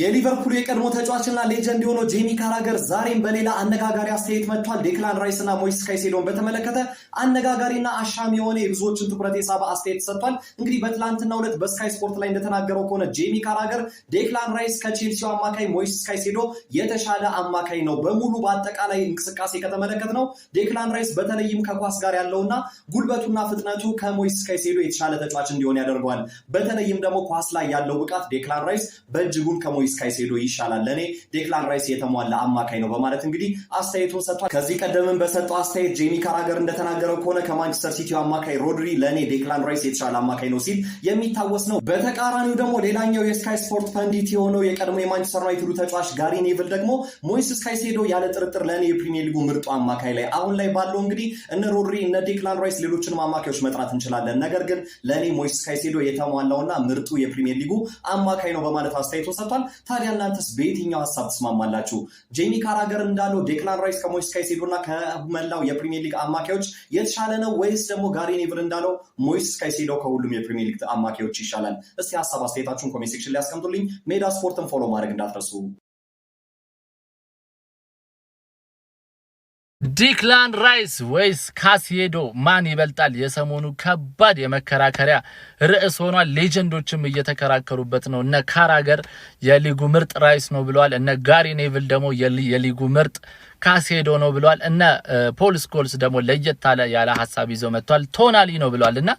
የሊቨርፑል የቀድሞ ተጫዋችና ሌጀንድ የሆነው ጄሚ ካራገር ዛሬም በሌላ አነጋጋሪ አስተያየት መጥቷል። ዴክላን ራይስ እና ሞይስ ካይሴዶን በተመለከተ አነጋጋሪና አሻሚ የሆነ የብዙዎችን ትኩረት የሳበ አስተያየት ሰጥቷል። እንግዲህ በትላንትና ሁለት በስካይ ስፖርት ላይ እንደተናገረው ከሆነ ጄሚ ካራገር ዴክላን ራይስ ከቼልሲው አማካይ ሞይስ ካይሴዶ የተሻለ አማካይ ነው፣ በሙሉ በአጠቃላይ እንቅስቃሴ ከተመለከት ነው ዴክላን ራይስ በተለይም ከኳስ ጋር ያለውና ጉልበቱና ፍጥነቱ ከሞይስ ካይሴዶ የተሻለ ተጫዋች እንዲሆን ያደርገዋል። በተለይም ደግሞ ኳስ ላይ ያለው ብቃት ዴክላን ራይስ በእጅጉን ስካይ ካይሴዶ ይሻላል፣ ለእኔ ዴክላን ራይስ የተሟላ አማካኝ ነው በማለት እንግዲህ አስተያየቱን ሰጥቷል። ከዚህ ቀደምም በሰጠው አስተያየት ጄሚ ካራገር እንደተናገረው ከሆነ ከማንቸስተር ሲቲው አማካኝ ሮድሪ ለእኔ ዴክላን ራይስ የተሻለ አማካኝ ነው ሲል የሚታወስ ነው። በተቃራኒው ደግሞ ሌላኛው የስካይ ስፖርት ፈንዲት የሆነው የቀድሞ የማንቸስተር ዩናይትዱ ተጫዋች ጋሪ ኔቭል ደግሞ ሞይስስ ካይሴዶ ያለ ጥርጥር ለእኔ የፕሪሚየር ሊጉ ምርጡ አማካኝ ላይ አሁን ላይ ባለው እንግዲህ እነ ሮድሪ እነ ዴክላን ራይስ ሌሎችንም አማካዮች መጥራት እንችላለን። ነገር ግን ለእኔ ሞይስስ ካይሴዶ የተሟላውና ምርጡ የፕሪሚየር ሊጉ አማካኝ ነው በማለት አስተያየቱን ሰጥቷል። ታዲያ እናንተስ በየትኛው ሀሳብ ትስማማላችሁ? ጄሚ ካራገር እንዳለው ዴክላን ራይስ ከሞይስ ካይሴዶ ካይሴዶና ከመላው የፕሪሚየር ሊግ አማካዮች የተሻለ ነው ወይስ ደግሞ ጋሪ ኔቭል እንዳለው ሞይስ ካይሴዶ ከሁሉም የፕሪሚየር ሊግ አማካዮች ይሻላል? እስቲ ሀሳብ አስተያየታችሁን ኮሜንት ሴክሽን ላይ ያስቀምጡልኝ። ሜዳ ስፖርትን ፎሎ ማድረግ እንዳትረሱ። ዲክላን ራይስ ወይስ ካሴዶ ማን ይበልጣል? የሰሞኑ ከባድ የመከራከሪያ ርዕስ ሆኗል። ሌጀንዶችም እየተከራከሩበት ነው። እነ ካራገር የሊጉ ምርጥ ራይስ ነው ብለዋል። እነ ጋሪ ኔቭል ደግሞ የሊጉ ምርጥ ካሴዶ ነው ብሏል። እነ ፖል ስኮልስ ደግሞ ለየት ያለ ሀሳብ ይዘው መጥቷል። ቶናሊ ነው ብሏል እና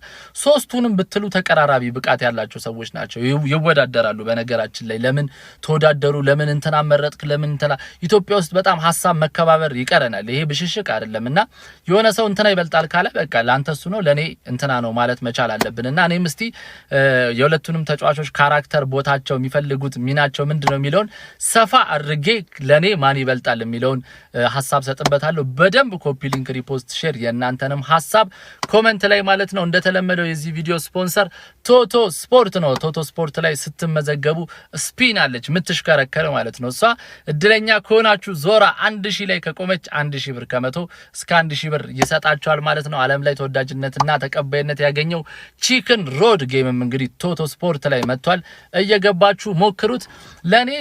ሶስቱንም ብትሉ ተቀራራቢ ብቃት ያላቸው ሰዎች ናቸው፣ ይወዳደራሉ። በነገራችን ላይ ለምን ተወዳደሩ? ለምን እንትና መረጥክ? ለምን እንትና ኢትዮጵያ ውስጥ በጣም ሀሳብ መከባበር ይቀረናል። ይሄ ብሽሽቅ አይደለም እና የሆነ ሰው እንትና ይበልጣል ካለ በቃ ለአንተ እሱ ነው ለእኔ እንትና ነው ማለት መቻል አለብን እና እኔም እስቲ የሁለቱንም ተጫዋቾች ካራክተር፣ ቦታቸው፣ የሚፈልጉት ሚናቸው ምንድን ነው የሚለውን ሰፋ አድርጌ ለእኔ ማን ይበልጣል የሚለውን ሀሳብ ሰጥበታለሁ። በደንብ ኮፒ ሊንክ፣ ሪፖስት፣ ሼር የእናንተንም ሀሳብ ኮመንት ላይ ማለት ነው። እንደተለመደው የዚህ ቪዲዮ ስፖንሰር ቶቶ ስፖርት ነው። ቶቶ ስፖርት ላይ ስትመዘገቡ ስፒን አለች የምትሽከረከር ማለት ነው። እሷ እድለኛ ከሆናችሁ ዞራ አንድ ሺህ ላይ ከቆመች አንድ ሺህ ብር ከመቶ እስከ አንድ ሺህ ብር ይሰጣችኋል ማለት ነው። ዓለም ላይ ተወዳጅነትና ተቀባይነት ያገኘው ቺክን ሮድ ጌምም እንግዲህ ቶቶ ስፖርት ላይ መጥቷል። እየገባችሁ ሞክሩት። ለእኔ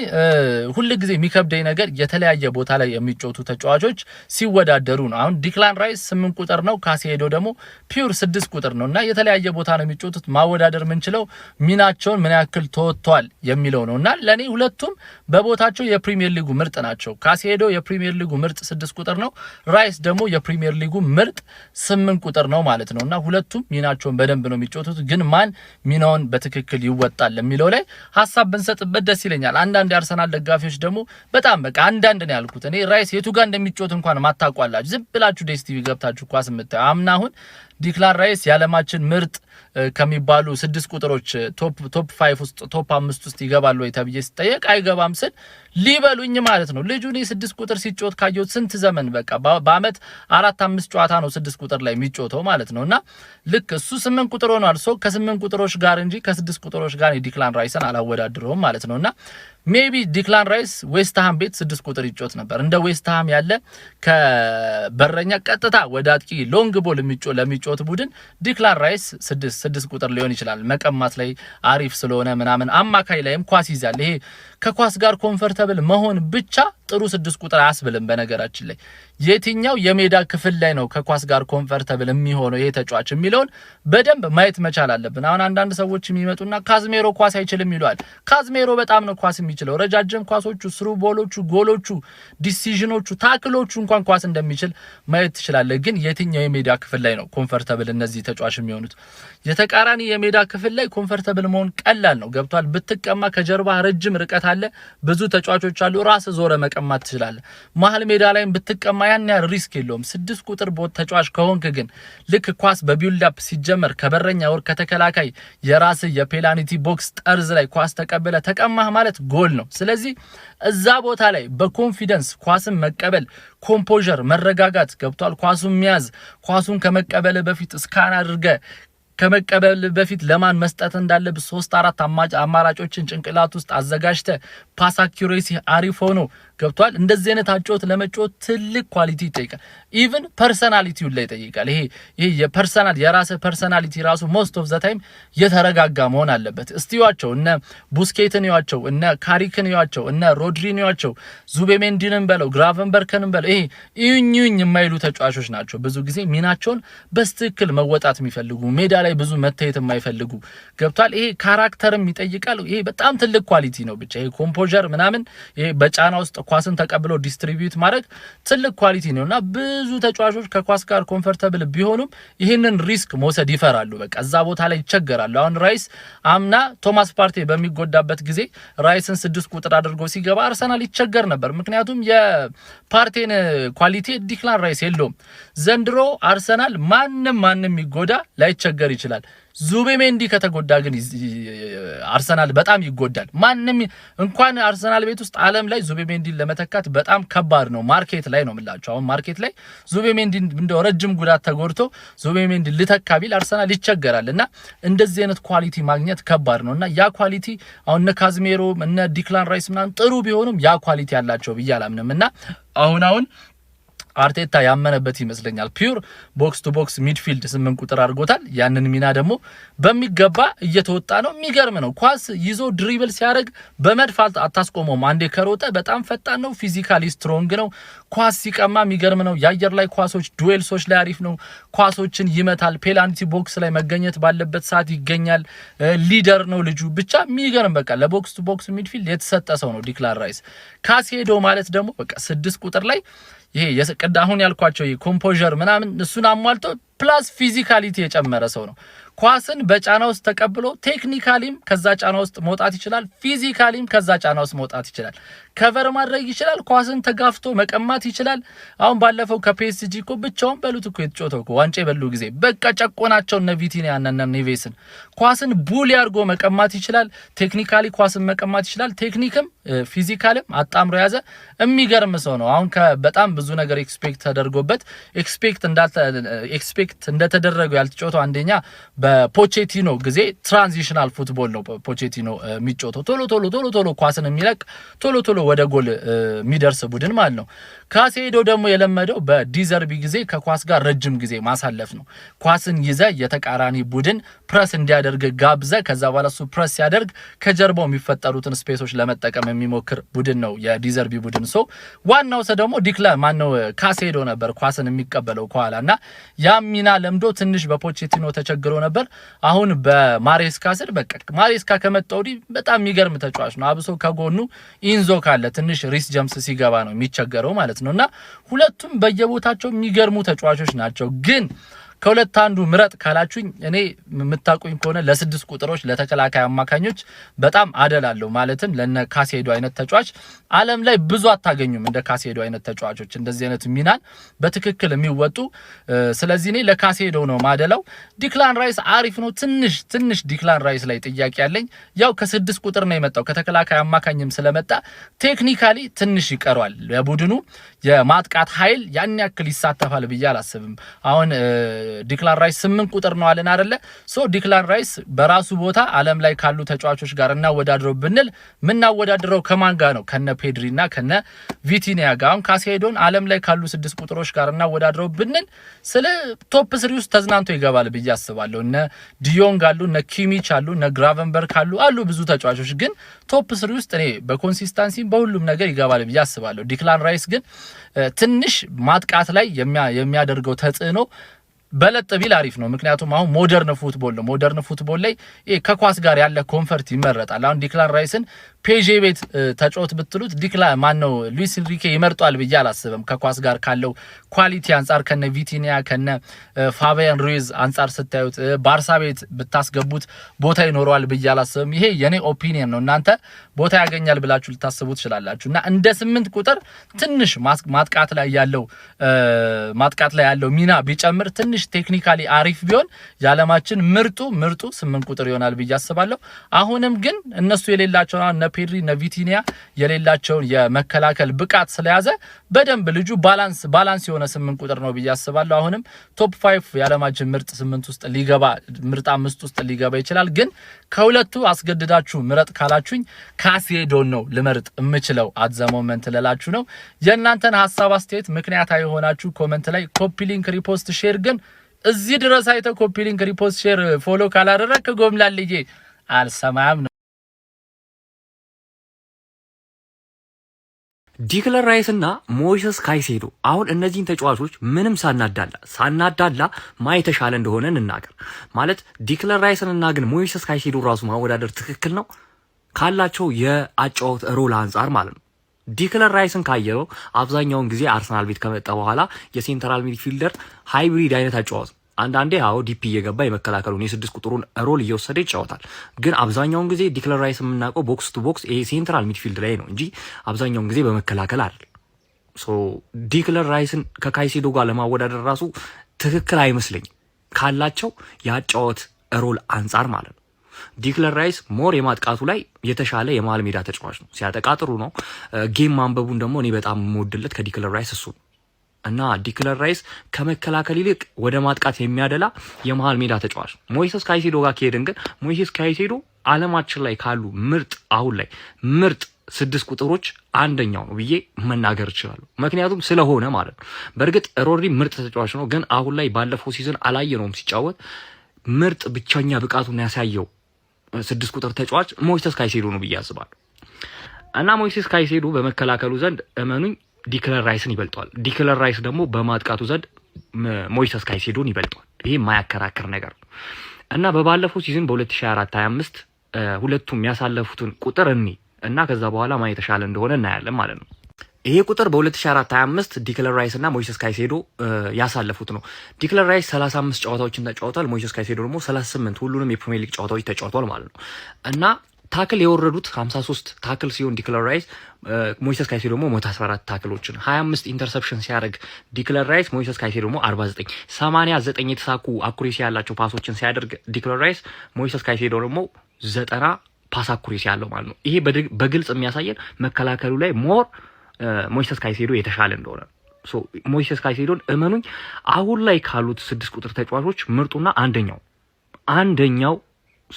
ጊዜ የሚከብደኝ ነገር የተለያየ ቦታ ላይ የሚጮቱ ተጫዋቾች ሲወዳደሩ ነው። አሁን ዲክላን ራይስ ስምንት ቁጥር ነው፣ ካሴዶ ደግሞ ፒውር ስድስት ቁጥር ነው እና የተለያየ ቦታ ነው የሚጫወቱት። ማወዳደር የምንችለው ሚናቸውን ምን ያክል ተወጥቷል የሚለው ነው እና ለእኔ ሁለቱም በቦታቸው የፕሪሚየር ሊጉ ምርጥ ናቸው። ካሴዶ የፕሪሚየር ሊጉ ምርጥ ስድስት ቁጥር ነው፣ ራይስ ደግሞ የፕሪሚየር ሊጉ ምርጥ ስምንት ቁጥር ነው ማለት ነው እና ሁለቱም ሚናቸውን በደንብ ነው የሚጫወቱት። ግን ማን ሚናውን በትክክል ይወጣል የሚለው ላይ ሀሳብ ብንሰጥበት ደስ ይለኛል። አንዳንድ የአርሰናል ደጋፊዎች ደግሞ በጣም በቃ አንዳንድ ነው ያልኩት እኔ ራይስ የቱ ጋር እንደሚጮት እንኳን ማታቋላችሁ ዝም ብላችሁ ዴስቲቪ ገብታችሁ ኳስ የምታዩ አምና አሁን ዲክላን ራይስ የዓለማችን ምርጥ ከሚባሉ ስድስት ቁጥሮች ቶፕ ፋይቭ ውስጥ ቶፕ አምስት ውስጥ ይገባል ወይ ተብዬ ሲጠየቅ አይገባም ስል ሊበሉኝ ማለት ነው። ልጁን ስድስት ቁጥር ሲጮት ካየሁት ስንት ዘመን በቃ በአመት አራት አምስት ጨዋታ ነው ስድስት ቁጥር ላይ የሚጮተው ማለት ነው። እና ልክ እሱ ስምንት ቁጥር ሆኗል። ሶ ከስምንት ቁጥሮች ጋር እንጂ ከስድስት ቁጥሮች ጋር የዲክላን ራይስን አላወዳድረውም ማለት ነው እና ሜቢ ዲክላን ራይስ ዌስትሃም ቤት ስድስት ቁጥር ይጮት ነበር። እንደ ዌስትሃም ያለ ከበረኛ ቀጥታ ወደ አጥቂ ሎንግ ቦል ለሚጮ የሚጫወት ቡድን ዲክላን ራይስ ስድስት ስድስት ቁጥር ሊሆን ይችላል። መቀማት ላይ አሪፍ ስለሆነ ምናምን አማካይ ላይም ኳስ ይዛል። ይሄ ከኳስ ጋር ኮንፈርተብል መሆን ብቻ ጥሩ ስድስት ቁጥር አያስብልም። በነገራችን ላይ የትኛው የሜዳ ክፍል ላይ ነው ከኳስ ጋር ኮንፈርተብል የሚሆነው ይሄ ተጫዋች የሚለውን በደንብ ማየት መቻል አለብን። አሁን አንዳንድ ሰዎች የሚመጡና ካዝሜሮ ኳስ አይችልም ይለዋል። ካዝሜሮ በጣም ነው ኳስ የሚችለው። ረጃጅም ኳሶቹ፣ ስሩ ቦሎቹ፣ ጎሎቹ፣ ዲሲዥኖቹ፣ ታክሎቹ እንኳን ኳስ እንደሚችል ማየት ትችላለህ። ግን የትኛው የሜዳ ክፍል ላይ ነው ኮንፈርተብል እነዚህ ተጫዋች የሚሆኑት? የተቃራኒ የሜዳ ክፍል ላይ ኮንፈርተብል መሆን ቀላል ነው። ገብቷል። ብትቀማ ከጀርባ ረጅም ርቀት አለ፣ ብዙ ተጫዋቾች አሉ፣ ራስ ዞረ መቀማት ትችላለህ። መሀል ሜዳ ላይም ብትቀማ ያን ያህል ሪስክ የለውም። ስድስት ቁጥር ቦት ተጫዋች ከሆንክ ግን ልክ ኳስ በቢውልዳፕ ሲጀመር ከበረኛ ወር ከተከላካይ የራስ የፔናልቲ ቦክስ ጠርዝ ላይ ኳስ ተቀበለ ተቀማህ ማለት ጎል ነው። ስለዚህ እዛ ቦታ ላይ በኮንፊደንስ ኳስን መቀበል፣ ኮምፖዥር፣ መረጋጋት ገብቷል። ኳሱን መያዝ፣ ኳሱን ከመቀበል በፊት እስካን አድርገ ከመቀበል በፊት ለማን መስጠት እንዳለብህ ሶስት አራት አማራጮችን ጭንቅላት ውስጥ አዘጋጅተ ፓስ አኪሬሲ አሪፍ ሆኖ ገብቷል። እንደዚህ አይነት አጨዋወት ለመጫወት ትልቅ ኳሊቲ ይጠይቃል። ኢቭን ፐርሰናሊቲውን ላይ ይጠይቃል። ይሄ ይሄ የፐርሰናል የራስህ ፐርሰናሊቲ ራሱ ሞስት ኦፍ ዘ ታይም የተረጋጋ መሆን አለበት። እስቲ እስቲዋቸው እነ ቡስኬትን ያቸው እነ ካሪክን ያቸው እነ ሮድሪን ያቸው ዙቤሜንዲንን በለው ግራቨንበርከንን በለው ይሄ እዩኝኝ የማይሉ ተጫዋቾች ናቸው። ብዙ ጊዜ ሚናቸውን በስትክክል መወጣት የሚፈልጉ ሜዳ ላይ ብዙ መታየት የማይፈልጉ ገብቷል። ይሄ ካራክተርም ይጠይቃል። ይሄ በጣም ትልቅ ኳሊቲ ነው። ብቻ ይሄ ኮምፖዠር ምናምን ይሄ በጫና ውስጥ ኳስን ተቀብሎ ዲስትሪቢዩት ማድረግ ትልቅ ኳሊቲ ነው እና ብዙ ተጫዋቾች ከኳስ ጋር ኮንፈርተብል ቢሆኑም ይህንን ሪስክ መውሰድ ይፈራሉ። በቃ እዛ ቦታ ላይ ይቸገራሉ። አሁን ራይስ አምና ቶማስ ፓርቴ በሚጎዳበት ጊዜ ራይስን ስድስት ቁጥር አድርጎ ሲገባ አርሰናል ይቸገር ነበር፣ ምክንያቱም የፓርቴን ኳሊቲ ዲክላን ራይስ የለውም። ዘንድሮ አርሰናል ማንም ማንም ይጎዳ ላይቸገር ይችላል። ዙቤሜንዲ ከተጎዳ ግን አርሰናል በጣም ይጎዳል። ማንም እንኳን አርሰናል ቤት ውስጥ ዓለም ላይ ዙቤሜንዲን ለመተካት በጣም ከባድ ነው። ማርኬት ላይ ነው የምላቸው። አሁን ማርኬት ላይ ዙቤሜንዲ እንደው ረጅም ጉዳት ተጎድቶ ዙቤሜንዲ ልተካ ቢል አርሰናል ይቸገራል እና እንደዚህ አይነት ኳሊቲ ማግኘት ከባድ ነው እና ያ ኳሊቲ አሁን እነ ካዝሜሮ እነ ዲክላን ራይስ ምናምን ጥሩ ቢሆኑም ያ ኳሊቲ ያላቸው ብዬ አላምንም እና አሁን አሁን አርቴታ ያመነበት ይመስለኛል። ፒውር ቦክስ ቱ ቦክስ ሚድፊልድ ስምንት ቁጥር አድርጎታል። ያንን ሚና ደግሞ በሚገባ እየተወጣ ነው። የሚገርም ነው። ኳስ ይዞ ድሪብል ሲያደርግ በመድፋት አታስቆመውም። አንዴ ከሮጠ በጣም ፈጣን ነው። ፊዚካሊ ስትሮንግ ነው። ኳስ ሲቀማ የሚገርም ነው። የአየር ላይ ኳሶች፣ ዱዌልሶች ላይ አሪፍ ነው። ኳሶችን ይመታል። ፔናልቲ ቦክስ ላይ መገኘት ባለበት ሰዓት ይገኛል። ሊደር ነው ልጁ። ብቻ የሚገርም በቃ ለቦክስ ቱ ቦክስ ሚድፊልድ የተሰጠ ሰው ነው ዲክላን ራይስ። ካሴዶ ማለት ደግሞ በቃ ስድስት ቁጥር ላይ ይሄ ቅድ አሁን ያልኳቸው ኮምፖዥር ምናምን እሱን አሟልቶ ፕላስ ፊዚካሊቲ የጨመረ ሰው ነው። ኳስን በጫና ውስጥ ተቀብሎ ቴክኒካሊም ከዛ ጫና ውስጥ መውጣት ይችላል፣ ፊዚካሊም ከዛ ጫና ውስጥ መውጣት ይችላል። ከቨር ማድረግ ይችላል። ኳስን ተጋፍቶ መቀማት ይችላል። አሁን ባለፈው ከፒኤስጂ እኮ ብቻውን በሉት እኮ የተጫወተው እኮ ዋንጫ የበሉ ጊዜ በቃ ጨቆናቸው እነ ቪቲኒያና እነ ኔቬስን። ኳስን ቡሊ አድርጎ መቀማት ይችላል። ቴክኒካሊ ኳስን መቀማት ይችላል። ቴክኒክም ፊዚካልም አጣምሮ የያዘ የሚገርም ሰው ነው። አሁን በጣም ብዙ ነገር ኤክስፔክት ተደርጎበት ኤክስፔክት ኤክስፔክት እንደተደረገው ያልተጫወተው አንደኛ በፖቼቲኖ ጊዜ ትራንዚሽናል ፉትቦል ነው ፖቼቲኖ የሚጫወተው ቶሎ ቶሎ ቶሎ ቶሎ ኳስን የሚለቅ ቶሎ ቶሎ ነው ወደ ጎል የሚደርስ ቡድን ማለት ነው። ካሴዶ ደግሞ የለመደው በዲዘርቢ ጊዜ ከኳስ ጋር ረጅም ጊዜ ማሳለፍ ነው። ኳስን ይዘ የተቃራኒ ቡድን ፕረስ እንዲያደርግ ጋብዘ ከዛ በኋላ እሱ ፕረስ ሲያደርግ ከጀርባው የሚፈጠሩትን ስፔሶች ለመጠቀም የሚሞክር ቡድን ነው የዲዘርቢ ቡድን። ሶ ዋናው ሰው ደግሞ ዲክላ ማነው ካሴዶ ነበር ኳስን የሚቀበለው ከኋላ እና ያም ሚና ለምዶ ትንሽ በፖቼቲኖ ተቸግሮ ነበር። አሁን በማሬስካ ስር በቃ ማሬስካ ከመጣ ወዲህ በጣም የሚገርም ተጫዋች ነው። አብሶ ከጎኑ ኢንዞ ካለ ትንሽ ሪስ ጀምስ ሲገባ ነው የሚቸገረው ማለት ነው እና ሁለቱም በየቦታቸው የሚገርሙ ተጫዋቾች ናቸው ግን ከሁለት አንዱ ምረጥ ካላችሁኝ እኔ የምታውቁኝ ከሆነ ለስድስት ቁጥሮች ለተከላካይ አማካኞች በጣም አደላለሁ። ማለትም ለነ ካሴዶ አይነት ተጫዋች ዓለም ላይ ብዙ አታገኙም። እንደ ካሴዶ አይነት ተጫዋቾች እንደዚህ አይነት ሚናን በትክክል የሚወጡ ስለዚህ እኔ ለካሴዶ ነው ማደላው። ዲክላን ራይስ አሪፍ ነው። ትንሽ ትንሽ ዲክላን ራይስ ላይ ጥያቄ ያለኝ ያው ከስድስት ቁጥር ነው የመጣው ከተከላካይ አማካኝም ስለመጣ ቴክኒካሊ ትንሽ ይቀሯል ለቡድኑ የማጥቃት ኃይል ያን ያክል ይሳተፋል ብዬ አላስብም። አሁን ዲክላን ራይስ ስምንት ቁጥር ነው አለን አደለ? ሶ ዲክላን ራይስ በራሱ ቦታ አለም ላይ ካሉ ተጫዋቾች ጋር እናወዳድረው ብንል ምናወዳድረው ከማን ጋር ነው? ከነ ፔድሪ እና ከነ ቪቲኒያ ጋር። አሁን ካሲያዶን አለም ላይ ካሉ ስድስት ቁጥሮች ጋር እናወዳድረው ብንል ስለ ቶፕ ስሪ ውስጥ ተዝናንቶ ይገባል ብዬ አስባለሁ። እነ ዲዮንግ አሉ፣ እነ ኪሚች አሉ፣ እነ ግራቨንበርግ አሉ አሉ ብዙ ተጫዋቾች ግን ቶፕ ስሪ ውስጥ እኔ በኮንሲስታንሲ በሁሉም ነገር ይገባል ብዬ አስባለሁ። ዲክላን ራይስ ግን ትንሽ ማጥቃት ላይ የሚያደርገው ተጽዕኖ በለጥ ቢል አሪፍ ነው። ምክንያቱም አሁን ሞደርን ፉትቦል ነው። ሞደርን ፉትቦል ላይ ከኳስ ጋር ያለ ኮንፈርት ይመረጣል። አሁን ዲክላን ራይስን ፔዤ ቤት ተጫወት ብትሉት ዲክላ ማን ነው ሉዊስ ኢንሪኬ ይመርጧል ብዬ አላስብም። ከኳስ ጋር ካለው ኳሊቲ አንጻር ከነ ቪቲኒያ ከነ ፋቢያን ሩይዝ አንጻር ስታዩት ባርሳ ቤት ብታስገቡት ቦታ ይኖረዋል ብዬ አላስብም። ይሄ የኔ ኦፒኒየን ነው። እናንተ ቦታ ያገኛል ብላችሁ ልታስቡ ትችላላችሁ። እና እንደ ስምንት ቁጥር ትንሽ ማጥቃት ላይ ያለው ማጥቃት ላይ ያለው ሚና ቢጨምር ትንሽ ቴክኒካሊ አሪፍ ቢሆን የዓለማችን ምርጡ ምርጡ ስምንት ቁጥር ይሆናል ብዬ አስባለሁ። አሁንም ግን እነሱ የሌላቸው ፔድሪ እነ ቪቲኒያ የሌላቸውን የመከላከል ብቃት ስለያዘ በደንብ ልጁ ባላንስ ባላንስ የሆነ ስምንት ቁጥር ነው ብዬ አስባለሁ። አሁንም ቶፕ ፋይቭ የዓለማችን ምርጥ ስምንት ውስጥ ሊገባ ምርጥ አምስት ውስጥ ሊገባ ይችላል። ግን ከሁለቱ አስገድዳችሁ ምረጥ ካላችሁኝ ካሴዶን ነው ልመርጥ የምችለው አት ዘ ሞመንት ልላችሁ ነው። የእናንተን ሀሳብ አስተያየት ምክንያት የሆናችሁ ኮመንት ላይ ኮፒ ሊንክ፣ ሪፖስት፣ ሼር ግን እዚህ ድረስ አይተ ኮፒ ሊንክ፣ ሪፖስት፣ ሼር ፎሎ ካላደረግ ከጎምላልዬ አልሰማም ነው። ዲክለር ራይስ እና ሞይሰስ ካይሴዶ አሁን እነዚህን ተጫዋቾች ምንም ሳናዳላ ሳናዳላ ማየተሻለ እንደሆነ እንናገር። ማለት ዲክለር ራይስን እና ግን ሞይሰስ ካይሴዶ ራሱ ማወዳደር ትክክል ነው ካላቸው የአጫወት ሮል አንጻር ማለት ነው። ዲክለር ራይስን ካየረው አብዛኛውን ጊዜ አርሰናል ቤት ከመጣ በኋላ የሴንትራል ሚድፊልደር ሃይብሪድ አይነት አጫወት ነው። አንዳንዴ አዎ ዲፒ እየገባ የመከላከሉን የስድስት ቁጥሩን ሮል እየወሰደ ይጫወታል። ግን አብዛኛውን ጊዜ ዲክለር ራይስ የምናውቀው ቦክስ ቱ ቦክስ ይሄ ሴንትራል ሚድፊልድ ላይ ነው እንጂ አብዛኛውን ጊዜ በመከላከል አይደል። ሶ ዲክለር ራይስን ከካይሴዶ ጋር ለማወዳደር ራሱ ትክክል አይመስለኝም ካላቸው የአጫወት ሮል አንጻር ማለት ነው። ዲክለር ራይስ ሞር የማጥቃቱ ላይ የተሻለ የመሃል ሜዳ ተጫዋች ነው። ሲያጠቃ ጥሩ ነው። ጌም ማንበቡን ደግሞ እኔ በጣም የምወድለት ከዲክለር ራይስ እሱ ነው። እና ዲክለር ራይስ ከመከላከል ይልቅ ወደ ማጥቃት የሚያደላ የመሀል ሜዳ ተጫዋች ሞይሴስ ካይሴዶ ጋር ከሄድን ግን ሞይሴስ ካይሴዶ አለማችን ላይ ካሉ ምርጥ አሁን ላይ ምርጥ ስድስት ቁጥሮች አንደኛው ነው ብዬ መናገር እችላለሁ። ምክንያቱም ስለሆነ ማለት ነው። በእርግጥ ሮድሪ ምርጥ ተጫዋች ነው፣ ግን አሁን ላይ ባለፈው ሲዝን አላየነውም ሲጫወት። ምርጥ ብቸኛ ብቃቱን ያሳየው ስድስት ቁጥር ተጫዋች ሞይሴስ ካይሴዶ ነው ብዬ አስባለሁ እና ሞይሴስ ካይሴዶ በመከላከሉ ዘንድ እመኑኝ ዲክለር ራይስን ይበልጠዋል። ዲክለር ራይስ ደግሞ በማጥቃቱ ዘንድ ሞይሰስ ካይሴዶን ይበልጠዋል። ይሄ የማያከራክር ነገር ነው እና በባለፈው ሲዝን በ2024 25 ሁለቱም የሚያሳለፉትን ቁጥር እኒ እና ከዛ በኋላ ማን የተሻለ እንደሆነ እናያለን ማለት ነው። ይሄ ቁጥር በ2024 25 ዲክለር ራይስ እና ሞይሰስ ካይሴዶ ያሳለፉት ነው። ዲክለር ራይስ 35 ጨዋታዎችን ተጫውቷል። ሞይሰስ ካይሴዶ ደግሞ 38 ሁሉንም የፕሪሚየር ሊግ ጨዋታዎች ተጫውቷል ማለት ነው እና ታክል የወረዱት 53 ታክል ሲሆን ዲክለር ራይስ ሞይሰስ ካይሴ ደግሞ ሞት 14 ታክሎችን 25 ኢንተርሰፕሽን ሲያደርግ ዲክለር ራይስ ሞይሰስ ካይሴ ደግሞ 49 89 የተሳኩ አኩሬሲ ያላቸው ፓሶችን ሲያደርግ ዲክለር ራይስ ሞይሰስ ካይሴ ደግሞ 90 ፓስ አኩሬሲ ያለው ማለት ነው። ይሄ በግልጽ የሚያሳየን መከላከሉ ላይ ሞር ሞይሰስ ካይሴዶ የተሻለ እንደሆነ ሶ ሞይሰስ ካይሴዶን እመኑኝ አሁን ላይ ካሉት ስድስት ቁጥር ተጫዋቾች ምርጡና አንደኛው አንደኛው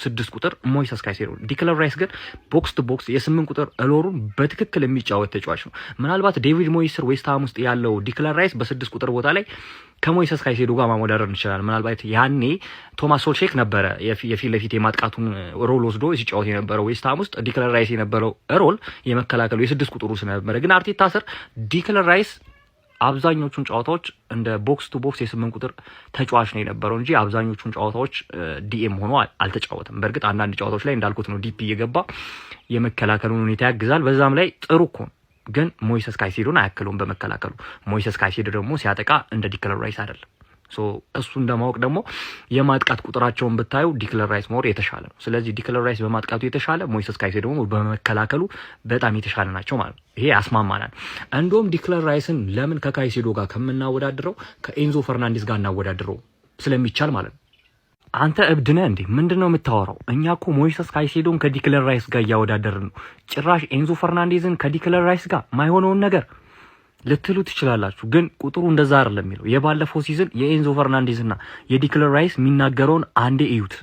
ስድስት ቁጥር ሞይሰስ ካይሴዶ ነው። ዲክለን ራይስ ግን ቦክስ ቱ ቦክስ የስምንት ቁጥር እሎሩን በትክክል የሚጫወት ተጫዋች ነው። ምናልባት ዴቪድ ሞይስር ዌስትሃም ውስጥ ያለው ዲክለን ራይስ በስድስት ቁጥር ቦታ ላይ ከሞይሰስ ካይሴዶ ጋር ማወዳደር እንችላለን። ምናልባት ያኔ ቶማስ ሶልሼክ ነበረ የፊት ለፊት የማጥቃቱን ሮል ወስዶ ሲጫወት የነበረው ዌስትሃም ውስጥ ዲክለን ራይስ የነበረው ሮል የመከላከሉ የስድስት ቁጥሩ ስለነበረ ግን አርቴታ ስር ዲክለን ራይስ አብዛኞቹን ጨዋታዎች እንደ ቦክስ ቱ ቦክስ የስምንት ቁጥር ተጫዋች ነው የነበረው እንጂ አብዛኞቹን ጨዋታዎች ዲኤም ሆኖ አልተጫወትም። በእርግጥ አንዳንድ ጨዋታዎች ላይ እንዳልኩት ነው ዲፒ እየገባ የመከላከሉን ሁኔታ ያግዛል። በዛም ላይ ጥሩ እኮ ግን ሞይሰስ ካይሴዶን አያክለውም በመከላከሉ። ሞይሰስ ካይሴዶ ደግሞ ሲያጠቃ እንደ ዲክለር ራይስ አይደለም። እሱ እንደማወቅ ደግሞ የማጥቃት ቁጥራቸውን ብታዩ ዲክለር ራይስ ሞር የተሻለ ነው። ስለዚህ ዲክለር ራይስ በማጥቃቱ የተሻለ ሞይሰስ ካይሴ ደግሞ በመከላከሉ በጣም የተሻለ ናቸው ማለት ነው። ይሄ ያስማማናል። እንደውም ዲክለር ራይስን ለምን ከካይሴዶ ጋር ከምናወዳድረው ከኤንዞ ፈርናንዴስ ጋር እናወዳድረው ስለሚቻል ማለት ነው። አንተ እብድነ እንዴ? ምንድን ነው የምታወራው? እኛ ኮ ሞይሰስ ካይሴዶን ከዲክለር ራይስ ጋር እያወዳደርን ነው። ጭራሽ ኤንዞ ፈርናንዴዝን ከዲክለር ራይስ ጋር ማይሆነውን ነገር ልትሉ ትችላላችሁ። ግን ቁጥሩ እንደዛ አይደለም የሚለው። የባለፈው ሲዝን የኤንዞ ፈርናንዴዝ እና የዲክለር ራይስ የሚናገረውን አንዴ እዩት።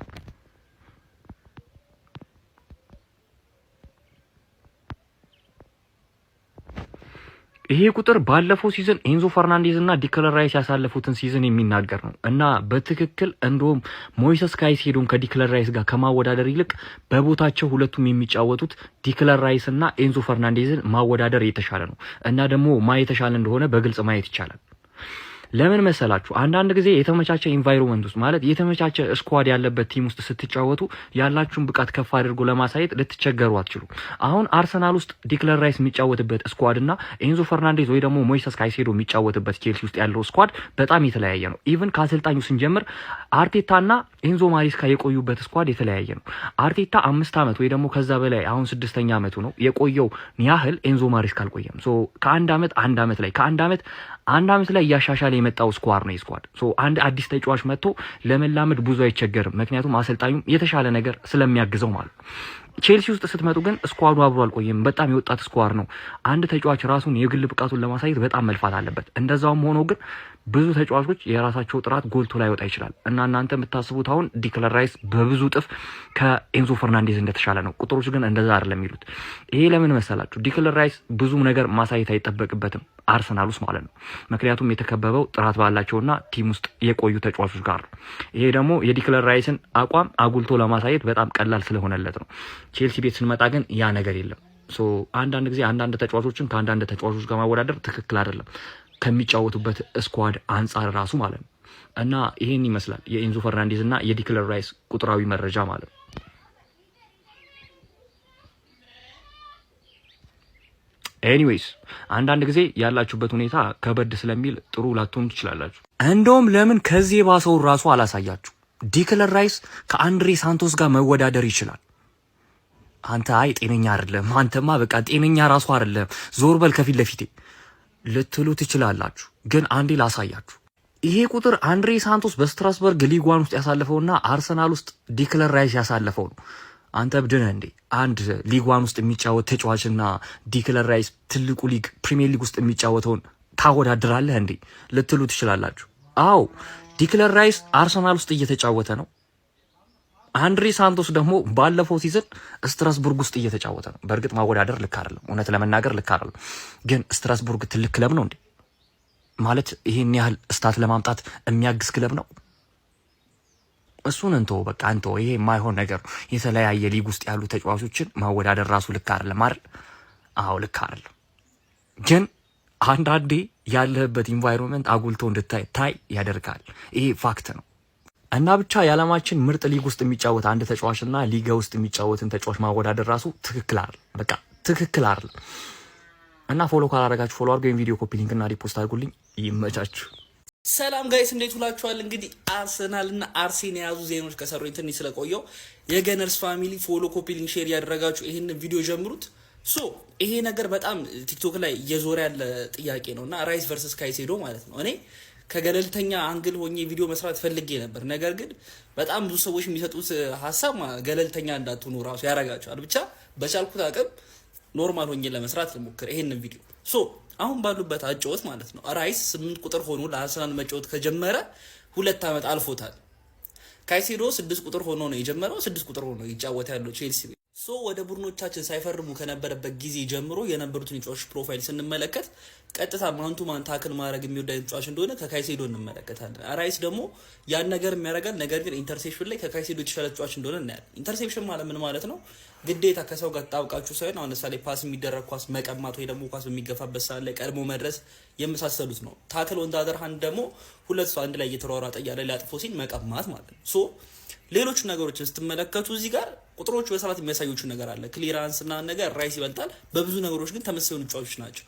ይሄ ቁጥር ባለፈው ሲዝን ኤንዞ ፈርናንዴዝ እና ዲክለር ራይስ ያሳለፉትን ሲዝን የሚናገር ነው እና በትክክል እንደውም ሞይሰስ ካይሴዶን ከዲክለር ራይስ ጋር ከማወዳደር ይልቅ በቦታቸው ሁለቱም የሚጫወቱት ዲክለር ራይስ እና ኤንዞ ፈርናንዴዝን ማወዳደር የተሻለ ነው እና ደግሞ ማ የተሻለ እንደሆነ በግልጽ ማየት ይቻላል። ለምን መሰላችሁ? አንዳንድ ጊዜ የተመቻቸ ኢንቫይሮንመንት ውስጥ ማለት የተመቻቸ ስኳድ ያለበት ቲም ውስጥ ስትጫወቱ ያላችሁን ብቃት ከፍ አድርጎ ለማሳየት ልትቸገሩ አትችሉ። አሁን አርሰናል ውስጥ ዲክለር ራይስ የሚጫወትበት ስኳድ እና ኤንዞ ፈርናንዴዝ ወይ ደግሞ ሞይሰስ ካይሴዶ የሚጫወትበት ቼልሲ ውስጥ ያለው ስኳድ በጣም የተለያየ ነው። ኢቭን ከአሰልጣኙ ስንጀምር አርቴታና ኤንዞ ማሪስካ የቆዩበት ስኳድ የተለያየ ነው። አርቴታ አምስት ዓመት ወይ ደግሞ ከዛ በላይ አሁን ስድስተኛ ዓመቱ ነው የቆየው ያህል ኤንዞ ማሪስካ አልቆየም። ከአንድ ዓመት አንድ ዓመት ላይ ከአንድ ዓመት አንድ አመት ላይ እያሻሻለ የመጣው ስኳር ነው ስኳድ። አንድ አዲስ ተጫዋች መጥቶ ለመላመድ ብዙ አይቸገርም፣ ምክንያቱም አሰልጣኙም የተሻለ ነገር ስለሚያግዘው ማለት ነው። ቼልሲ ውስጥ ስትመጡ ግን ስኳዱ አብሮ አልቆየም። በጣም የወጣት ስኳር ነው። አንድ ተጫዋች ራሱን የግል ብቃቱን ለማሳየት በጣም መልፋት አለበት። እንደዛውም ሆኖ ግን ብዙ ተጫዋቾች የራሳቸው ጥራት ጎልቶ ላይወጣ ይችላል እና እናንተ የምታስቡት አሁን ዲክለር ራይስ በብዙ ጥፍ ከኤንዞ ፈርናንዴዝ እንደተሻለ ነው። ቁጥሮች ግን እንደዛ አይደለም የሚሉት። ይሄ ለምን መሰላችሁ? ዲክለር ራይስ ብዙ ነገር ማሳየት አይጠበቅበትም አርሰናል ውስጥ ማለት ነው። ምክንያቱም የተከበበው ጥራት ባላቸውና ቲም ውስጥ የቆዩ ተጫዋቾች ጋር ነው። ይሄ ደግሞ የዲክለር ራይስን አቋም አጉልቶ ለማሳየት በጣም ቀላል ስለሆነለት ነው። ቼልሲ ቤት ስንመጣ ግን ያ ነገር የለም። አንዳንድ ጊዜ አንዳንድ ተጫዋቾችን ከአንዳንድ ተጫዋቾች ጋር ማወዳደር ትክክል አይደለም። ከሚጫወቱበት ስኳድ አንጻር ራሱ ማለት ነው። እና ይሄን ይመስላል የኢንዙ ፈርናንዴዝ እና የዲክለር ራይስ ቁጥራዊ መረጃ ማለት ነው። ኤኒዌይስ አንዳንድ ጊዜ ያላችሁበት ሁኔታ ከበድ ስለሚል ጥሩ ላትሆኑ ትችላላችሁ። እንደውም ለምን ከዚህ የባሰውን ራሱ አላሳያችሁ። ዲክለር ራይስ ከአንድሬ ሳንቶስ ጋር መወዳደር ይችላል። አንተ አይ ጤነኛ አይደለም፣ አንተማ በቃ ጤነኛ ራሱ አይደለም፣ ዞር በል ከፊት ለፊቴ ልትሉ ትችላላችሁ። ግን አንዴ ላሳያችሁ። ይሄ ቁጥር አንድሬ ሳንቶስ በስትራስበርግ ሊጓን ውስጥ ያሳለፈውና አርሰናል ውስጥ ዲክለር ራይስ ያሳለፈው ነው። አንተ ብድነ እንዴ? አንድ ሊጓን ውስጥ የሚጫወት ተጫዋችና ዲክለር ራይስ ትልቁ ሊግ ፕሪሚየር ሊግ ውስጥ የሚጫወተውን ታወዳድራለህ እንዴ ልትሉ ትችላላችሁ። አዎ ዲክለር ራይስ አርሰናል ውስጥ እየተጫወተ ነው። አንድሪ ሳንቶስ ደግሞ ባለፈው ሲዝን ስትራስቡርግ ውስጥ እየተጫወተ ነው። በእርግጥ ማወዳደር ልክ አይደለም፣ እውነት ለመናገር ልክ አይደለም። ግን ስትራስቡርግ ትልቅ ክለብ ነው እንዴ? ማለት ይህን ያህል እስታት ለማምጣት የሚያግዝ ክለብ ነው? እሱን እንቶ በቃ እንቶ ይሄ የማይሆን ነገር ነው። የተለያየ ሊግ ውስጥ ያሉ ተጫዋቾችን ማወዳደር ራሱ ልክ አይደለም አይደል? አዎ ልክ አይደለም። ግን አንዳንዴ ያለህበት ኢንቫይሮንመንት አጉልቶ እንድታይ ታይ ያደርጋል። ይሄ ፋክት ነው። እና ብቻ የዓለማችን ምርጥ ሊግ ውስጥ የሚጫወት አንድ ተጫዋችና ሊገ ውስጥ የሚጫወትን ተጫዋች ማወዳደር ራሱ ትክክል በቃ ትክክል አለ። እና ፎሎ ካላረጋችሁ ፎሎ አድርገው፣ ቪዲዮ ኮፒ ሊንክ እና ሪፖስት አድርጉልኝ። ይመቻችሁ። ሰላም ጋይስ እንዴት ውላችኋል? እንግዲህ አርሰናልና አርሴን የያዙ ዜናዎች ከሰሩኝ ትንሽ ስለቆየው የገነርስ ፋሚሊ ፎሎ ኮፒ ሊንክ ሼር ያደረጋችሁ ይህንን ቪዲዮ ጀምሩት። ሶ ይሄ ነገር በጣም ቲክቶክ ላይ እየዞረ ያለ ጥያቄ ነው እና ራይስ ቨርሰስ ካይሴዶ ማለት ነው እኔ ከገለልተኛ አንግል ሆኜ ቪዲዮ መስራት ፈልጌ ነበር። ነገር ግን በጣም ብዙ ሰዎች የሚሰጡት ሀሳብ ገለልተኛ እንዳትሆኑ ራሱ ያረጋቸዋል። ብቻ በቻልኩት አቅም ኖርማል ሆኜ ለመስራት ልሞክር ይሄንን ቪዲዮ ሶ አሁን ባሉበት አጫወት ማለት ነው። ራይስ ስምንት ቁጥር ሆኖ ለአርሰናል መጫወት ከጀመረ ሁለት ዓመት አልፎታል። ካይሴዶ ስድስት ቁጥር ሆኖ ነው የጀመረው። ስድስት ቁጥር ሆኖ ይጫወት ያለው ቼልሲ ሶ ወደ ቡድኖቻችን ሳይፈርሙ ከነበረበት ጊዜ ጀምሮ የነበሩትን የጫዋቾች ፕሮፋይል ስንመለከት ቀጥታ ማንቱ ማን ታክል ማድረግ የሚወዳ ተጫዋች እንደሆነ ከካይሴዶ እንመለከታለን። አራይስ ደግሞ ያን ነገር የሚያደርጋል። ነገር ግን ኢንተርሴፕሽን ላይ ከካይሴዶ የተሻለ ተጫዋች እንደሆነ እናያለን። ኢንተርሴፕሽን ማለት ምን ማለት ነው? ግዴታ ከሰው ጋር ጣብቃችሁ ሳይሆን አሁን ለምሳሌ ፓስ የሚደረግ ኳስ መቀማት ወይ ደግሞ ኳስ በሚገፋበት ሰዓት ላይ ቀድሞ መድረስ የመሳሰሉት ነው። ታክል ኦን ዘ ደግሞ ሁለት ሰው አንድ ላይ እየተሯሯጠ እያለ ሊያጥፎ ሲል መቀማት ማለት ነው። ሌሎቹ ነገሮችን ስትመለከቱ እዚህ ጋር ቁጥሮቹ በሰባት የሚያሳዩችን ነገር አለ። ክሊራንስ እና ነገር ራይስ ይበልጣል። በብዙ ነገሮች ግን ተመሳሳይ ጨዋቾች ናቸው።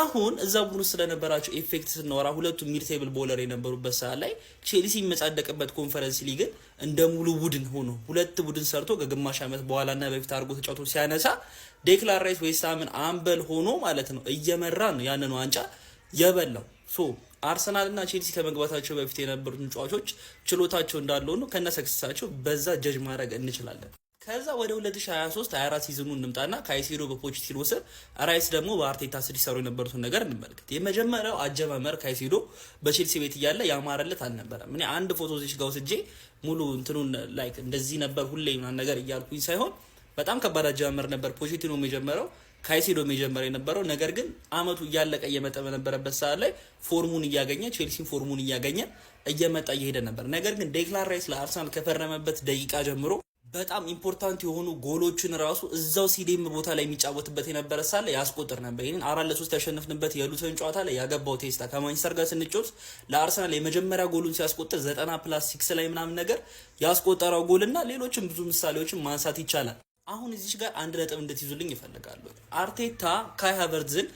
አሁን እዛ ቡድን ስለነበራቸው ኤፌክት ስናወራ ሁለቱ ሚድ ቴብል ቦለር የነበሩበት ሰዓት ላይ ቼልሲ የሚመጻደቅበት ኮንፈረንስ ሊግን እንደ ሙሉ ቡድን ሆኖ ሁለት ቡድን ሰርቶ ከግማሽ ዓመት በኋላ እና በፊት አድርጎ ተጫውቶ ሲያነሳ ዴክላን ራይስ ዌስትሃምን አምበል ሆኖ ማለት ነው እየመራ ነው ያንን ዋንጫ የበላው ሶ አርሰናል እና ቼልሲ ከመግባታቸው በፊት የነበሩት ጨዋቾች ችሎታቸው እንዳለ ሆኖ ከነ ሰክሰሳቸው በዛ ጀጅ ማድረግ እንችላለን። ከዛ ወደ 2023 24 ሲዝኑ እንምጣና ካይሴዶ በፖቼቲኖ ስር ራይስ ደግሞ በአርቴታ ስር ሲሰሩ የነበሩትን ነገር እንመልከት። የመጀመሪያው አጀማመር ካይሴዶ በቼልሲ ቤት እያለ ያማረለት አልነበረም። እኔ አንድ ፎቶ ዚሽ ጋር ወስጄ ሙሉ እንትኑን ላይክ እንደዚህ ነበር ሁሌ ምናምን ነገር እያልኩኝ ሳይሆን በጣም ከባድ አጀማመር ነበር ፖቼቲኖ የጀመረው ካይሴዶ የጀመረ የነበረው ነገር ግን አመቱ እያለቀ እየመጣ በነበረበት ሰዓት ላይ ፎርሙን እያገኘ ቼልሲን ፎርሙን እያገኘ እየመጣ እየሄደ ነበር። ነገር ግን ዴክላን ራይስ ለአርሰናል ከፈረመበት ደቂቃ ጀምሮ በጣም ኢምፖርታንት የሆኑ ጎሎችን ራሱ እዛው ሲዴም ቦታ ላይ የሚጫወትበት የነበረ ሳለ ያስቆጥር ነበር። ይህን አራት ለሶስት ያሸንፍንበት የሉተን ጨዋታ ላይ ያገባው ቴስታ ከማንቸስተር ጋር ስንጮት ለአርሰናል የመጀመሪያ ጎሉን ሲያስቆጥር ዘጠና ፕላስ ሲክስ ላይ ምናምን ነገር ያስቆጠረው ጎል እና ሌሎችም ብዙ ምሳሌዎችን ማንሳት ይቻላል። አሁን እዚች ጋር አንድ ነጥብ እንድትይዙልኝ ይፈልጋሉ። አርቴታ ካይ ሃቨርትዝን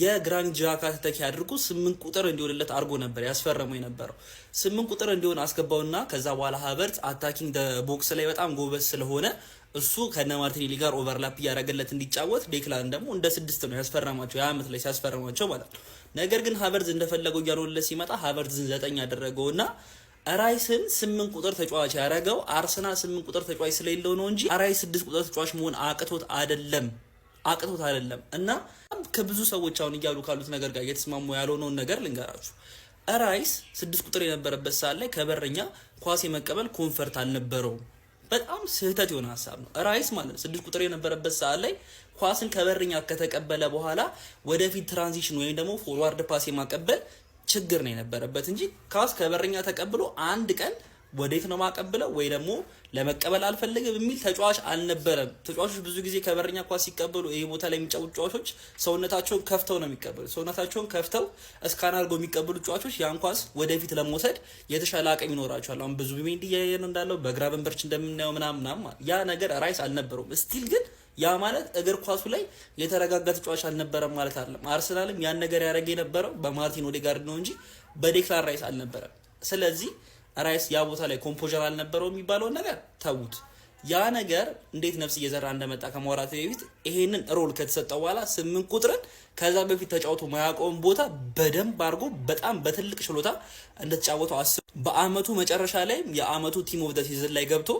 የግራንድ ጃካ ተተኪ አድርጎ ስምንት ቁጥር እንዲሆንለት አድርጎ ነበር ያስፈረሙ የነበረው። ስምንት ቁጥር እንዲሆን አስገባውና ከዛ በኋላ ሀበርት አታኪንግ ቦክስ ላይ በጣም ጎበዝ ስለሆነ እሱ ከነ ማርቲኔሊ ጋር ኦቨርላፕ እያደረገለት እንዲጫወት ዴክላን ደግሞ እንደ ስድስት ነው ያስፈረማቸው የአመት ላይ ሲያስፈረማቸው ማለት ነው። ነገር ግን ሀቨርዝ እንደፈለገው እያልሆንለት ሲመጣ ሀቨርዝን ዘጠኝ ያደረገው ያደረገውና ራይስን ስምንት ቁጥር ተጫዋች ያደረገው አርሰናል ስምንት ቁጥር ተጫዋች ስለሌለው ነው እንጂ ራይስ ስድስት ቁጥር ተጫዋች መሆን አቅቶት አይደለም። አቅቶት አይደለም እና ከብዙ ሰዎች አሁን እያሉ ካሉት ነገር ጋር እየተስማሙ ያልሆነውን ነገር ልንገራችሁ። ራይስ ስድስት ቁጥር የነበረበት ሰዓት ላይ ከበረኛ ኳስ የመቀበል ኮንፈርት አልነበረውም። በጣም ስህተት የሆነ ሀሳብ ነው። ራይስ ማለት ስድስት ቁጥር የነበረበት ሰዓት ላይ ኳስን ከበረኛ ከተቀበለ በኋላ ወደፊት ትራንዚሽን ወይም ደግሞ ፎርዋርድ ፓስ የማቀበል ችግር ነው የነበረበት እንጂ ኳስ ከበረኛ ተቀብሎ አንድ ቀን ወዴት ነው ማቀብለው ወይ ደግሞ ለመቀበል አልፈልግም የሚል ተጫዋች አልነበረም። ተጫዋቾች ብዙ ጊዜ ከበረኛ ኳስ ሲቀበሉ ይሄ ቦታ ላይ የሚጫወቱ ተጫዋቾች ሰውነታቸውን ከፍተው ነው የሚቀበሉ። ሰውነታቸውን ከፍተው እስካን አድርገው የሚቀበሉ ተጫዋቾች ያን ኳስ ወደፊት ለመውሰድ የተሻለ አቅም ይኖራቸዋል። አሁን ብዙ ቢሜንዲ እያየ ነው እንዳለው በግራ በንበርች እንደምናየው ምናምናም ያ ነገር ራይስ አልነበረውም። ስቲል ግን ያ ማለት እግር ኳሱ ላይ የተረጋጋ ተጫዋች አልነበረም ማለት አይደለም። አርሰናልም ያን ነገር ያደረገ የነበረው በማርቲን ኦዴጋርድ ነው እንጂ በዴክላን ራይስ አልነበረም። ስለዚህ ራይስ ያ ቦታ ላይ ኮምፖዘር አልነበረው የሚባለውን ነገር ተዉት። ያ ነገር እንዴት ነፍስ እየዘራ እንደመጣ ከማውራት በፊት ይሄንን ሮል ከተሰጠው በኋላ ስምንት ቁጥርን ከዛ በፊት ተጫውቶ ማያውቀውን ቦታ በደንብ አድርጎ በጣም በትልቅ ችሎታ እንደተጫወተው አስብ። በአመቱ መጨረሻ ላይም የአመቱ ቲም ኦፍ ደ ሲዝን ላይ ገብቶ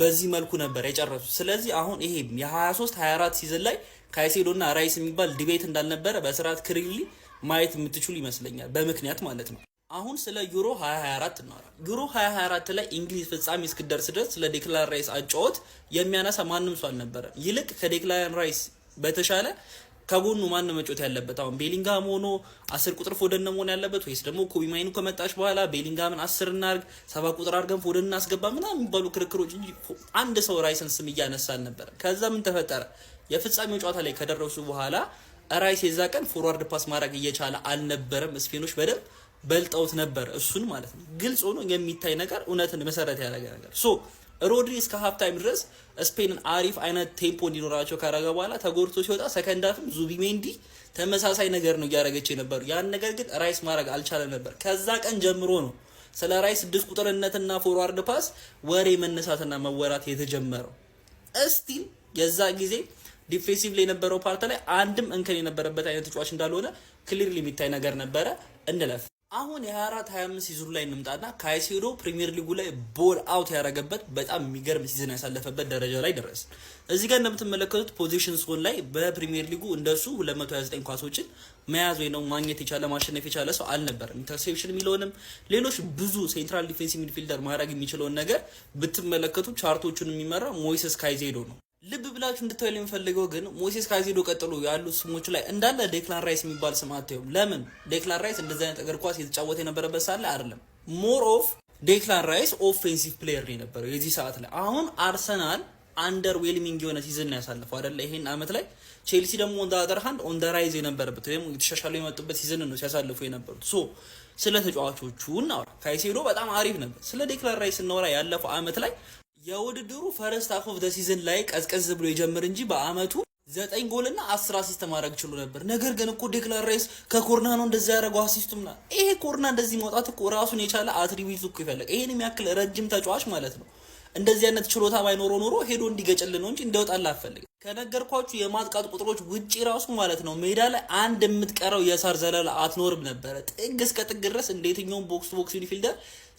በዚህ መልኩ ነበር የጨረሱ። ስለዚህ አሁን ይሄ የ23 24 ሲዝን ላይ ካይሴዶ እና ራይስ የሚባል ዲቤት እንዳልነበረ በስርዓት ክሪሊ ማየት የምትችሉ ይመስለኛል፣ በምክንያት ማለት ነው። አሁን ስለ ዩሮ 2024 እናወራ። ዩሮ 2024 ላይ እንግሊዝ ፍጻሜ እስክደርስ ድረስ ስለ ዴክላን ራይስ አጫወት የሚያነሳ ማንም ሰው አልነበረም። ይልቅ ከዴክላን ራይስ በተሻለ ከጎኑ ማን መጮት ያለበት አሁን ቤሊንጋም ሆኖ አስር ቁጥር ፎደን መሆን ያለበት ወይስ ደግሞ ኮቢ ማይኑ ከመጣች በኋላ ቤሊንጋምን አስር እናርግ ሰባ ቁጥር አድርገን ፎደን እናስገባ ምናምን የሚባሉ ክርክሮች እንጂ አንድ ሰው ራይስን ስም እያነሳ አልነበረ። ከዛ ምን ተፈጠረ? የፍጻሜው ጨዋታ ላይ ከደረሱ በኋላ ራይስ የዛ ቀን ፎርዋርድ ፓስ ማድረግ እየቻለ አልነበረም። ስፔኖች በደንብ በልጠውት ነበር እሱን ማለት ነው። ግልጽ ሆኖ የሚታይ ነገር እውነትን መሰረት ያደረገ ነገር ሶ ሮድሪ እስከ ሀፍታይም ድረስ ስፔንን አሪፍ አይነት ቴምፖ እንዲኖራቸው ካረገ በኋላ ተጎድቶ ሲወጣ ሰከንዳፍም ዙቢሜንዲ ተመሳሳይ ነገር ነው እያደረገች የነበሩ ያን ነገር ግን ራይስ ማድረግ አልቻለም ነበር። ከዛ ቀን ጀምሮ ነው ስለ ራይስ ስድስት ቁጥርነትና ፎርዋርድ ፓስ ወሬ መነሳትና መወራት የተጀመረው። እስቲል የዛ ጊዜ ዲፌንሲቭ ላይ የነበረው ፓርት ላይ አንድም እንከን የነበረበት አይነት ተጫዋች እንዳልሆነ ክሊርሊ የሚታይ ነገር ነበረ። እንለፍ። አሁን የ24 25 ሲዝኑ ላይ እንምጣና ካይሴዶ ፕሪሚየር ሊጉ ላይ ቦል አውት ያደረገበት በጣም የሚገርም ሲዝን ያሳለፈበት ደረጃ ላይ ደረሰ። እዚህ ጋር እንደምትመለከቱት ፖዚሽን ዞን ላይ በፕሪሚየር ሊጉ እንደሱ 229 ኳሶችን መያዝ ወይ ነው ማግኘት የቻለ ማሸነፍ የቻለ ሰው አልነበረም። ኢንተርሴፕሽን የሚለውንም ሌሎች ብዙ ሴንትራል ዲፌንስ ሚድፊልደር ማድረግ የሚችለውን ነገር ብትመለከቱ ቻርቶቹን የሚመራ ሞይሰስ ካይሴዶ ነው። ልብ ብላችሁ እንድታዩ የምፈልገው ግን ሞሴስ ካይሴዶ ቀጥሎ ያሉ ስሞች ላይ እንዳለ ዴክላን ራይስ የሚባል ስም አታዩም። ለምን? ዴክላን ራይስ እንደዚህ አይነት እግር ኳስ የተጫወተ የነበረበት ሳለ አይደለም። ሞር ኦፍ ዴክላን ራይስ ኦፌንሲቭ ፕሌየር ነው የነበረው የዚህ ሰዓት ላይ። አሁን አርሰናል አንደር ዌልሚንግ የሆነ ሲዝን ነው ያሳለፈው አይደለ? ይሄን አመት ላይ ቼልሲ ደግሞ ኦን አዘር ሃንድ ኦን ራይዝ የነበረበት ወይም የተሻሻሉ የመጡበት ሲዝን ነው ሲያሳልፉ የነበሩት። ሶ ስለ ተጫዋቾቹ እናውራ። ካይሴዶ በጣም አሪፍ ነበር። ስለ ዴክላን ራይስ እናውራ። ያለፈው አመት ላይ የውድድሩ ፈረስት አፍ ኦፍ ዘ ሲዝን ላይ ቀዝቀዝ ብሎ የጀምር እንጂ በአመቱ ዘጠኝ ጎል ጎልና አስር አሲስት ማድረግ ችሎ ነበር። ነገር ግን እኮ ዴክላን ራይስ ከኮርና ነው እንደዚ ያደረገው አሲስቱም ና ይሄ ኮርና እንደዚህ መውጣት እኮ ራሱን የቻለ አትሪቢዩት እኮ ይፈለግ ይሄን የሚያክል ረጅም ተጫዋች ማለት ነው። እንደዚህ አይነት ችሎታ ባይኖረው ኖሮ ሄዶ እንዲገጭልን ነው እንጂ እንዲወጣ አልፈልግም። ከነገርኳችሁ የማጥቃት ቁጥሮች ውጪ ራሱ ማለት ነው ሜዳ ላይ አንድ የምትቀረው የሳር ዘለላ አትኖርም ነበረ። ጥግ እስከ ጥግ ድረስ እንደ የትኛውም ቦክስ ቦክስ ፊልደር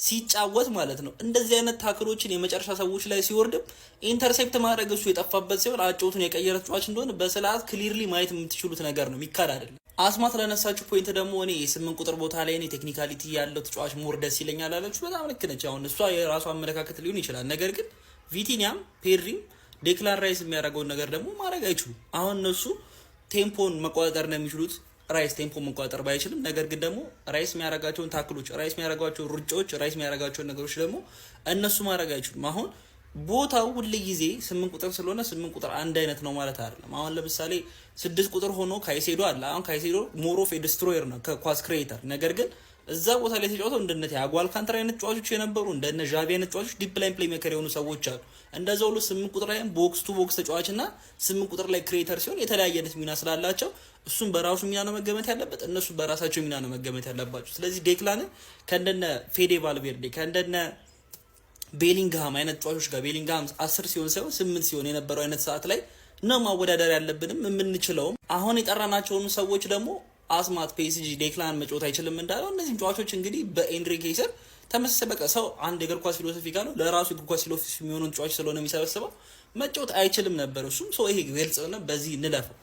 ሲጫወት ማለት ነው። እንደዚህ አይነት ታክሎችን የመጨረሻ ሰዎች ላይ ሲወርድም ኢንተርሴፕት ማድረግ እሱ የጠፋበት ሲሆን አጨውቱን የቀየረ ተጫዋች እንደሆነ በስርዓት ክሊርሊ ማየት የምትችሉት ነገር ነው። የሚካድ አይደለም። አስማት ለነሳችሁ ፖይንት ደግሞ እኔ የስምንት ቁጥር ቦታ ላይ እኔ ቴክኒካሊቲ ያለው ተጫዋች ሞር ደስ ይለኛል አለችሁ። በጣም ልክ ነች። አሁን እሷ የራሷ አመለካከት ሊሆን ይችላል። ነገር ግን ቪቲኒያም ፔድሪም ዴክላን ራይስ የሚያደርገውን ነገር ደግሞ ማድረግ አይችሉም። አሁን እነሱ ቴምፖን መቆጣጠር ነው የሚችሉት። ራይስ ቴምፖን መቆጣጠር ባይችልም፣ ነገር ግን ደግሞ ራይስ የሚያደርጋቸውን ታክሎች፣ ራይስ የሚያደርጋቸውን ሩጫዎች፣ ራይስ የሚያደርጋቸውን ነገሮች ደግሞ እነሱ ማድረግ አይችሉም። አሁን ቦታው ሁል ጊዜ ስምንት ቁጥር ስለሆነ ስምንት ቁጥር አንድ አይነት ነው ማለት አይደለም። አሁን ለምሳሌ ስድስት ቁጥር ሆኖ ካይሴዶ አለ። አሁን ካይሴዶ ሞሮፍ የዲስትሮየር ነው ከኳስ ክሬተር ነገር ግን እዛ ቦታ ላይ ተጫወተው እንደነ ቲያጎ አልካንትራ አይነት ተጫዋቾች የነበሩ እንደነ ዣቪ አይነት ተጫዋቾች ዲፕ ላይን ፕሌይ ሜከር የሆኑ ሰዎች አሉ። እንደዛ ሁሉ ስምንት ቁጥር ላይ ቦክስ ቱ ቦክስ ተጫዋችና ስምንት ቁጥር ላይ ክሬተር ሲሆን የተለያየ አይነት ሚና ስላላቸው እሱም በራሱ ሚና ነው መገመት ያለበት፣ እነሱ በራሳቸው ሚና ነው መገመት ያለባቸው። ስለዚህ ዴክላን ከእንደነ ፌዴ ቫልቬርዴ ከእንደነ ቤሊንግሃም አይነት ተጫዋቾች ጋር ቤሊንግሃም አስር ሲሆን ሳይሆን ስምንት ሲሆን የነበረው አይነት ሰዓት ላይ ነው ማወዳደር ያለብንም የምንችለውም አሁን የጠራናቸውን ሰዎች ደግሞ አስማት ፔሲጂ ዴክላን መጫወት አይችልም እንዳለው እነዚህም ጨዋቾች እንግዲህ በኤንሪኬ ስር ተመሳሳይ በቃ ሰው አንድ የእግር ኳስ ፊሎሶፊ ጋር ነው ለራሱ እግር ኳስ ፊሎሶፊ የሚሆኑን ጨዋች ስለሆነ የሚሰበስበው መጫወት አይችልም ነበር። እሱም ሰው ይሄ ግልጽ ነው። በዚህ እንለፈው።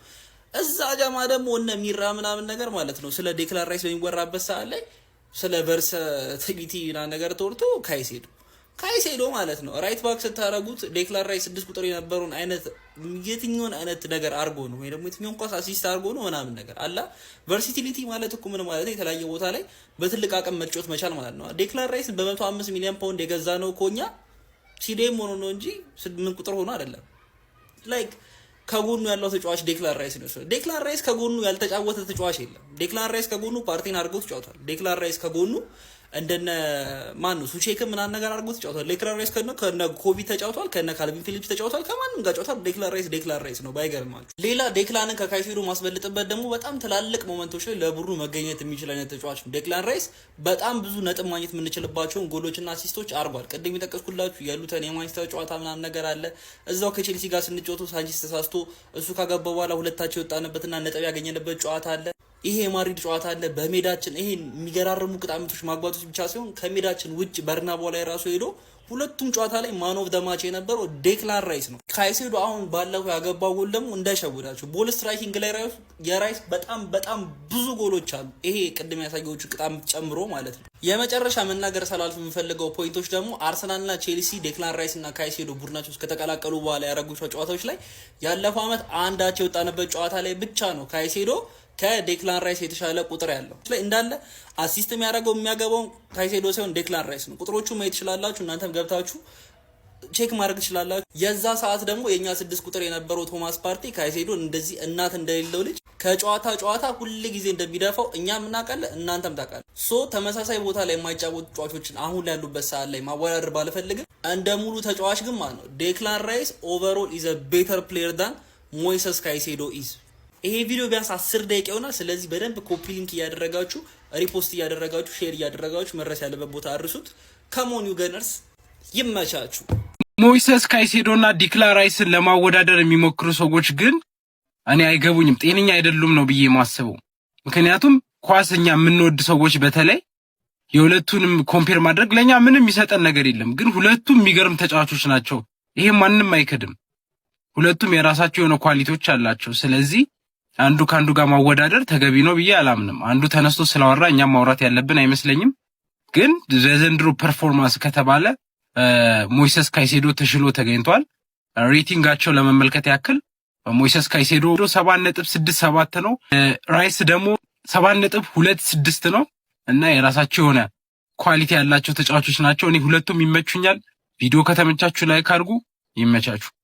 እዛ ጃማ ደግሞ እነ ሚራ ምናምን ነገር ማለት ነው ስለ ዴክላን ራይስ በሚወራበት ሰዓት ላይ ስለ ና ነገር ተወርቶ ካይሴዱ ካይሴዶ ማለት ነው። ራይት ባክ ስታረጉት ዴክላር ራይስ ስድስት ቁጥር የነበሩን አይነት የትኛውን አይነት ነገር አርጎ ነው ወይ ደግሞ የትኛውን ኳስ አሲስት አርጎ ነው ምናምን ነገር አላ ቨርሲቲሊቲ ማለት እኮ ምን ማለት ነው? የተለያየ ቦታ ላይ በትልቅ አቅም መጫወት መቻል ማለት ነው። ዴክላር ራይስ በ105 ሚሊዮን ፓውንድ የገዛ ነው ኮኛ ሲዴም ሆኖ ነው እንጂ ምን ቁጥር ሆኖ አይደለም። ላይክ ከጎኑ ያለው ተጫዋች ዴክላር ራይስ ነው። ዴክላር ራይስ ከጎኑ ያልተጫወተ ተጫዋች የለም። ዴክላር ራይስ ከጎኑ ፓርቲን አድርገው ተጫውቷል። ዴክላር ራይስ ከጎኑ እንደነ ማን ነው ሱቼክ ምናምን ነገር አድርጎ ተጫውቷል። ዴክላን ራይስ ከነ ኮቢ ተጫውቷል፣ ከነ ካልቪን ፊሊፕስ ተጫውቷል፣ ከማንም ጋር ጫውቷል። ዴክላን ራይስ ዴክላን ራይስ ነው ባይገርማችሁ። ሌላ ዴክላንን ከካይሴዶ ማስበልጥበት ደግሞ በጣም ትላልቅ ሞመንቶች ላይ ለቡድኑ መገኘት የሚችል አይነት ተጫዋች ነው። ዴክላን ራይስ በጣም ብዙ ነጥብ ማግኘት የምንችልባቸውን ጎሎችና አሲስቶች አርጓል። ቅድም የጠቀስኩላችሁ የሉተን የማንቸስተር ጨዋታ ምናምን ነገር አለ። እዛው ከቼልሲ ጋር ስንጫወቱ ሳንቺስ ተሳስቶ እሱ ካገባ በኋላ ሁለታቸው የወጣንበትና ነጥብ ያገኘንበት ጨዋታ አለ። ይሄ የማድሪድ ጨዋታ አለ በሜዳችን ይሄን የሚገራርሙ ቅጣሚቶች ማግባቶች ብቻ ሲሆን ከሜዳችን ውጭ በርናቦ ላይ ራሱ ሄዶ ሁለቱም ጨዋታ ላይ ማን ኦፍ ደማች የነበረው ዴክላን ራይስ ነው። ካይሴዶ አሁን ባለፈው ያገባው ጎል ደግሞ እንዳይሸውዳቸው ቦል ስትራይኪንግ ላይ የራይስ በጣም በጣም ብዙ ጎሎች አሉ። ይሄ ቅድም ያሳየዎቹ ቅጣም ጨምሮ ማለት ነው። የመጨረሻ መናገር ሰላልፍ የምፈልገው ፖይንቶች ደግሞ አርሰናልና ቼልሲ ዴክላን ራይስ እና ካይሴዶ ቡድናቸው ከተቀላቀሉ በኋላ ያደረጉ ጨዋታዎች ላይ ያለፈው ዓመት አንዳቸው የወጣንበት ጨዋታ ላይ ብቻ ነው ካይሴዶ ከዴክላን ራይስ የተሻለ ቁጥር ያለው ላይ እንዳለ አሲስት የሚያደርገው የሚያገባውን ካይሴዶ ሳይሆን ዴክላን ራይስ ነው። ቁጥሮቹ ማየት ትችላላችሁ። እናንተም ገብታችሁ ቼክ ማድረግ ትችላላችሁ። የዛ ሰዓት ደግሞ የእኛ ስድስት ቁጥር የነበረው ቶማስ ፓርቲ ካይሴዶ እንደዚህ እናት እንደሌለው ልጅ ከጨዋታ ጨዋታ ሁል ጊዜ እንደሚደፋው እኛም እናውቃለን፣ እናንተም ታውቃለ። ሶ ተመሳሳይ ቦታ ላይ የማይጫወቱ ተጫዋቾችን አሁን ላይ ያሉበት ሰዓት ላይ ማወዳደር ባልፈልግም እንደ ሙሉ ተጫዋች ግን ማለት ነው ዴክላን ራይስ ኦቨሮል ኢዘ ቤተር ፕሌየር ዳን ሞይሰስ ካይሴዶ ኢዝ ይሄ ቪዲዮ ቢያንስ አስር ደቂቃ ይሆናል። ስለዚህ በደንብ ኮፒ ሊንክ እያደረጋችሁ ሪፖስት እያደረጋችሁ ሼር እያደረጋችሁ መድረስ ያለበት ቦታ አድርሱት። ከሞን ዩገነርስ ይመቻችሁ። ሞይሰስ ካይሴዶና ዲክላን ራይስን ለማወዳደር የሚሞክሩ ሰዎች ግን እኔ አይገቡኝም፣ ጤነኛ አይደሉም ነው ብዬ የማስበው። ምክንያቱም ኳስ እኛ የምንወድ ሰዎች በተለይ የሁለቱንም ኮምፔር ማድረግ ለእኛ ምንም ይሰጠን ነገር የለም። ግን ሁለቱም የሚገርም ተጫዋቾች ናቸው። ይሄ ማንም አይክድም። ሁለቱም የራሳቸው የሆነ ኳሊቲዎች አላቸው። ስለዚህ አንዱ ከአንዱ ጋር ማወዳደር ተገቢ ነው ብዬ አላምንም። አንዱ ተነስቶ ስላወራ እኛም ማውራት ያለብን አይመስለኝም። ግን ዘንድሮ ፐርፎርማንስ ከተባለ ሞይሰስ ካይሴዶ ተሽሎ ተገኝቷል። ሬቲንጋቸው ለመመልከት ያክል ሞይሰስ ካይሴዶ ሰባት ነጥብ ስድስት ሰባት ነው። ራይስ ደግሞ ሰባት ነጥብ ሁለት ስድስት ነው እና የራሳቸው የሆነ ኳሊቲ ያላቸው ተጫዋቾች ናቸው። እኔ ሁለቱም ይመቹኛል። ቪዲዮ ከተመቻችሁ ላይክ አድርጉ። ይመቻችሁ።